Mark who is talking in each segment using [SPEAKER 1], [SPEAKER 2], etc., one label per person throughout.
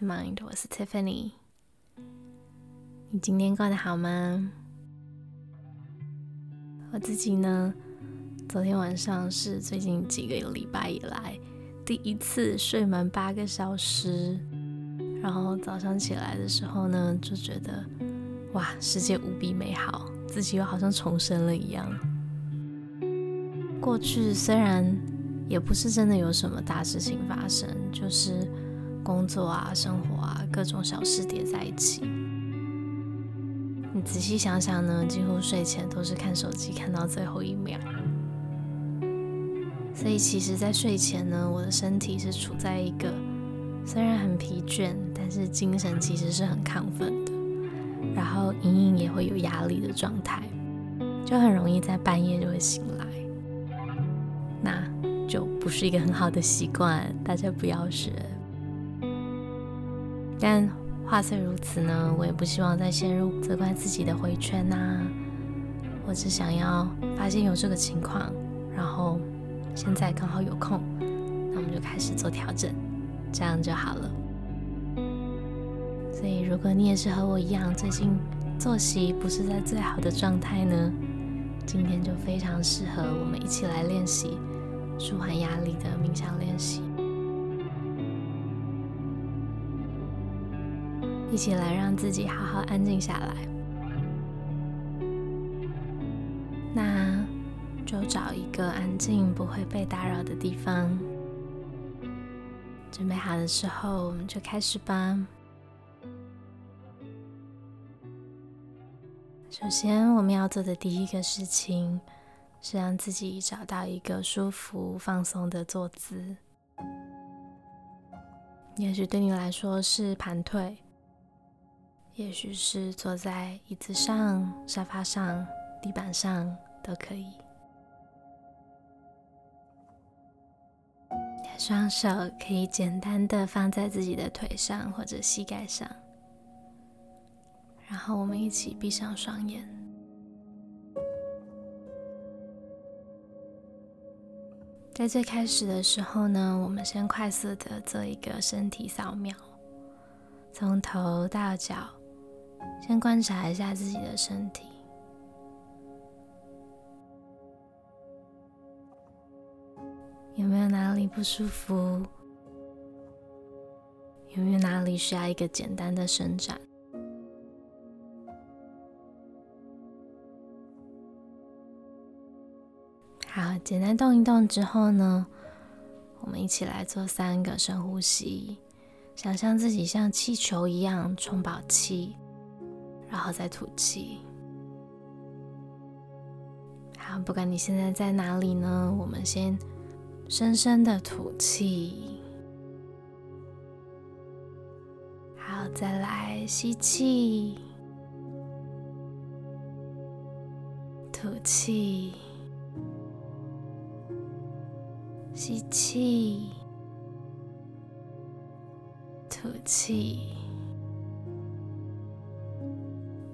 [SPEAKER 1] Mind，我是 Tiffany。你今天過得好嗎？我自己呢，昨天晚上是最近幾個禮拜以來第一次睡滿八個小時，然後早上起來的時候呢，就覺得哇，世界無比美好，自己又好像重生了一樣。過去雖然也不是真的有什麼大事情發生，就是。工作啊，生活啊，各種小事疊在一起。你仔細想想呢，幾乎睡前都是看手機，看到最後一秒。所以其實，在睡前呢，我的身體是處在一個雖然很疲倦，但是精神其實是很亢奮的，然後隱隱也會有壓力的狀態，就很容易在半夜就會醒來。那就不是一個很好的習慣，大家不要學。但話雖如此呢，我也不希望再陷入責怪自己的回圈吶、啊。我只想要發現有這個情況，然後現在剛好有空，那我們就開始做調整，這樣就好了。所以如果你也是和我一樣，最近作息不是在最好的狀態呢，今天就非常適合我們一起來練習舒緩壓力的冥想練習。一起來讓自己好好安靜下來，那就找一個安靜不會被打擾的地方。準備好的時候，我們就開始吧。首先，我們要做的第一個事情是讓自己找到一個舒服放鬆的坐姿，也許對你來說是盤腿。也許是坐在椅子上、沙發上、地板上都可以。雙手可以簡單的放在自己的腿上或者膝蓋上，然後我們一起閉上雙眼。在最開始的時候呢，我們先快速的做一個身體掃描，從頭到腳。先觀察一下自己的身體，有沒有哪裡不舒服？有沒有哪裡需要一個簡單的伸展？好，簡單動一動之後呢，我們一起來做三個深呼吸，想象自己像氣球一樣充飽氣。然後再吐氣。好，不管你現在在哪裡呢，我們先深深的吐氣。好，再來吸氣，吐氣，吸氣，吐氣。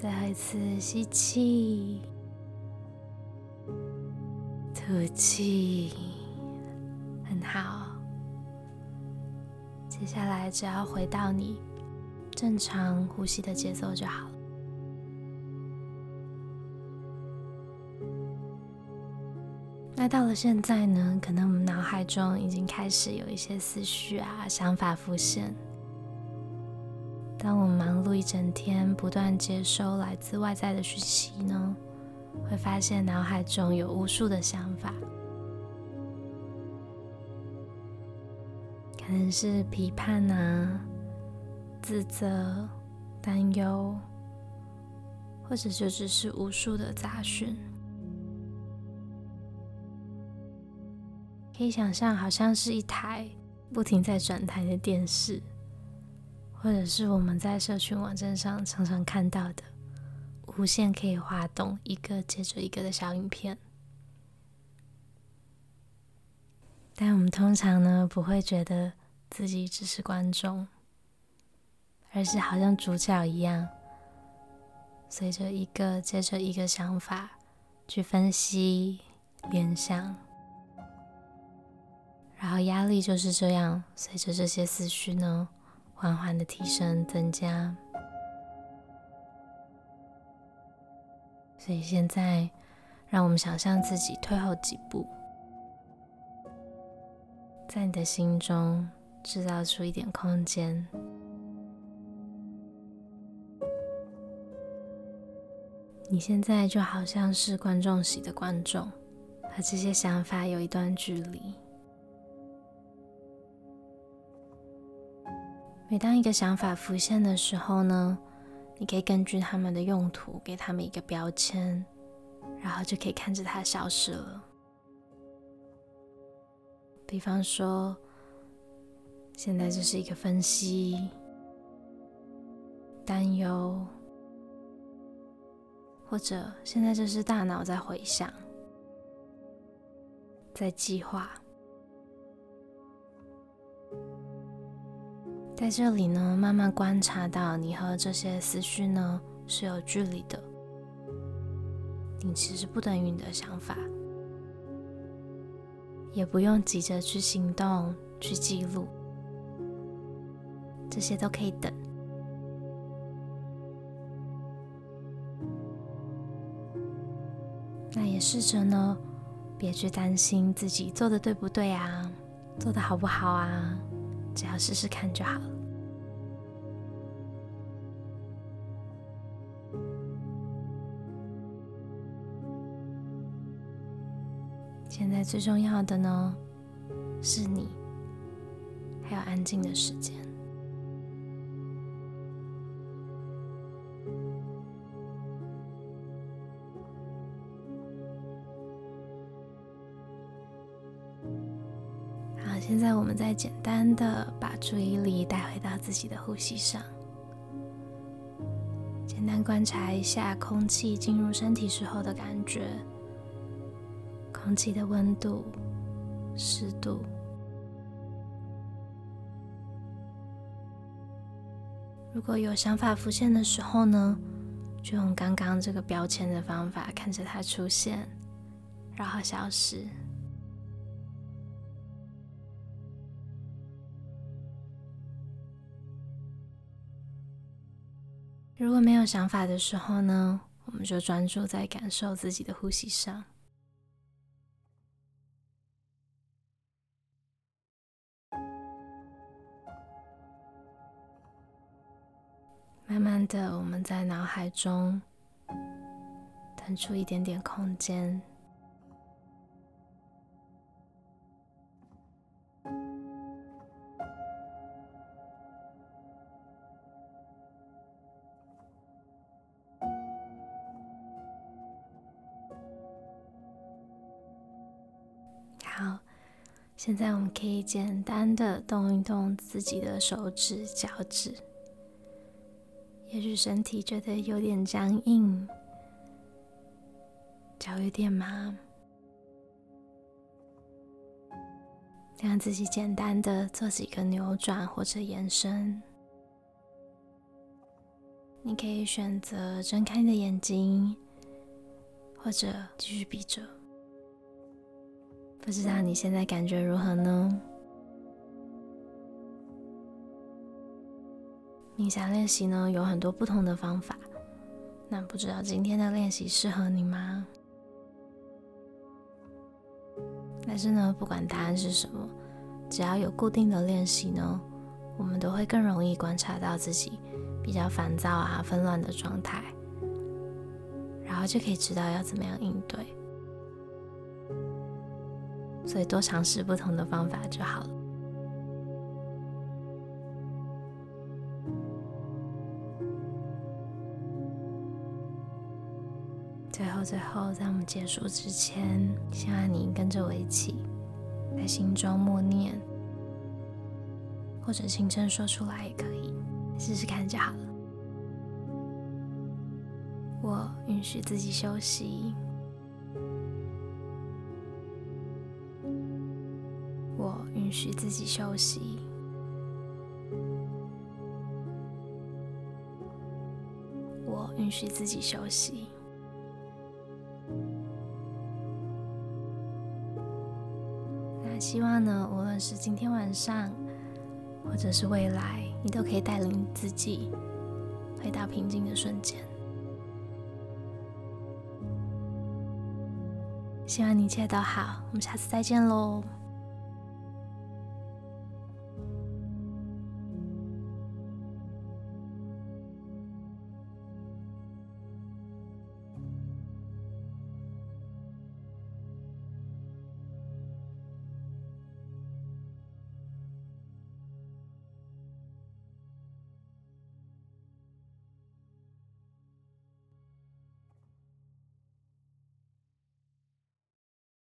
[SPEAKER 1] 再一次吸氣，吐氣，很好。接下來只要回到你正常呼吸的節奏就好了。那到了現在呢？可能我們腦海中已經開始有一些思緒啊、想法浮現。當我忙碌一整天，不斷接收來自外在的訊息呢，會發現腦海中有無數的想法，可能是批判啊、自責、擔憂，或者就只是無數的雜訊。可以想象，好像是一台不停在轉台的電視。或者是我們在社群網站上常常看到的，無限可以滑動一個接着一個的小影片，但我們通常呢不會覺得自己只是觀眾，而是好像主角一樣，隨着一個接着一個想法去分析、聯想，然後壓力就是這樣隨着這些思緒呢。緩緩的提升，增加。所以現在，讓我們想象自己退後幾步，在你的心中製造出一點空間。你現在就好像是觀眾席的觀眾，和這些想法有一段距離。每當一個想法浮現的時候呢，你可以根據它們的用途給它們一個標籤，然後就可以看着它消失了。比方說，現在這是一個分析、擔憂，或者現在這是大腦在回想、在計劃。在這裡呢，慢慢觀察到你和這些思緒呢是有距離的，你其實不等於你的想法，也不用急着去行動、去記錄，這些都可以等。那也試着呢，別去擔心自己做的對不對啊，做的好不好啊。只要試試看就好了。現在最重要的呢，是你，還有安靜的時間。現在，我們再簡單的把注意力帶回到自己的呼吸上，簡單觀察一下空氣進入身體時候的感覺，空氣的溫度、濕度。如果有想法浮現的時候呢，就用剛剛這個標籤的方法，看着它出現，然後消失。如果沒有想法的時候呢，我們就專注在感受自己的呼吸上。慢慢的，我們在腦海中騰出一點點空間。現在我們可以簡單的動一動自己的手指、腳趾，也許身體覺得有點僵硬，腳有點麻，讓自己簡單的做幾個扭轉或者延伸。你可以選擇睜開你的眼睛，或者繼續閉着。不知道你現在感覺如何呢？冥想練習呢，有很多不同的方法，那不知道今天的練習適合你嗎？但是呢，不管答案是什麼，只要有固定的練習呢，我們都會更容易觀察到自己比較煩躁啊、紛亂的狀態，然後就可以知道要怎麼樣應對。所以多嘗試不同的方法就好了。最後，最後，在我們結束之前，希望你跟着我一起在心中默念，或者輕聲說出來也可以，試試看就好了。我允許自己休息。我允許自己休息，我允許自己休息。那希望呢，無論是今天晚上，或者是未來，你都可以帶領自己回到平靜的瞬間。希望你一切都好，我們下次再見嘍。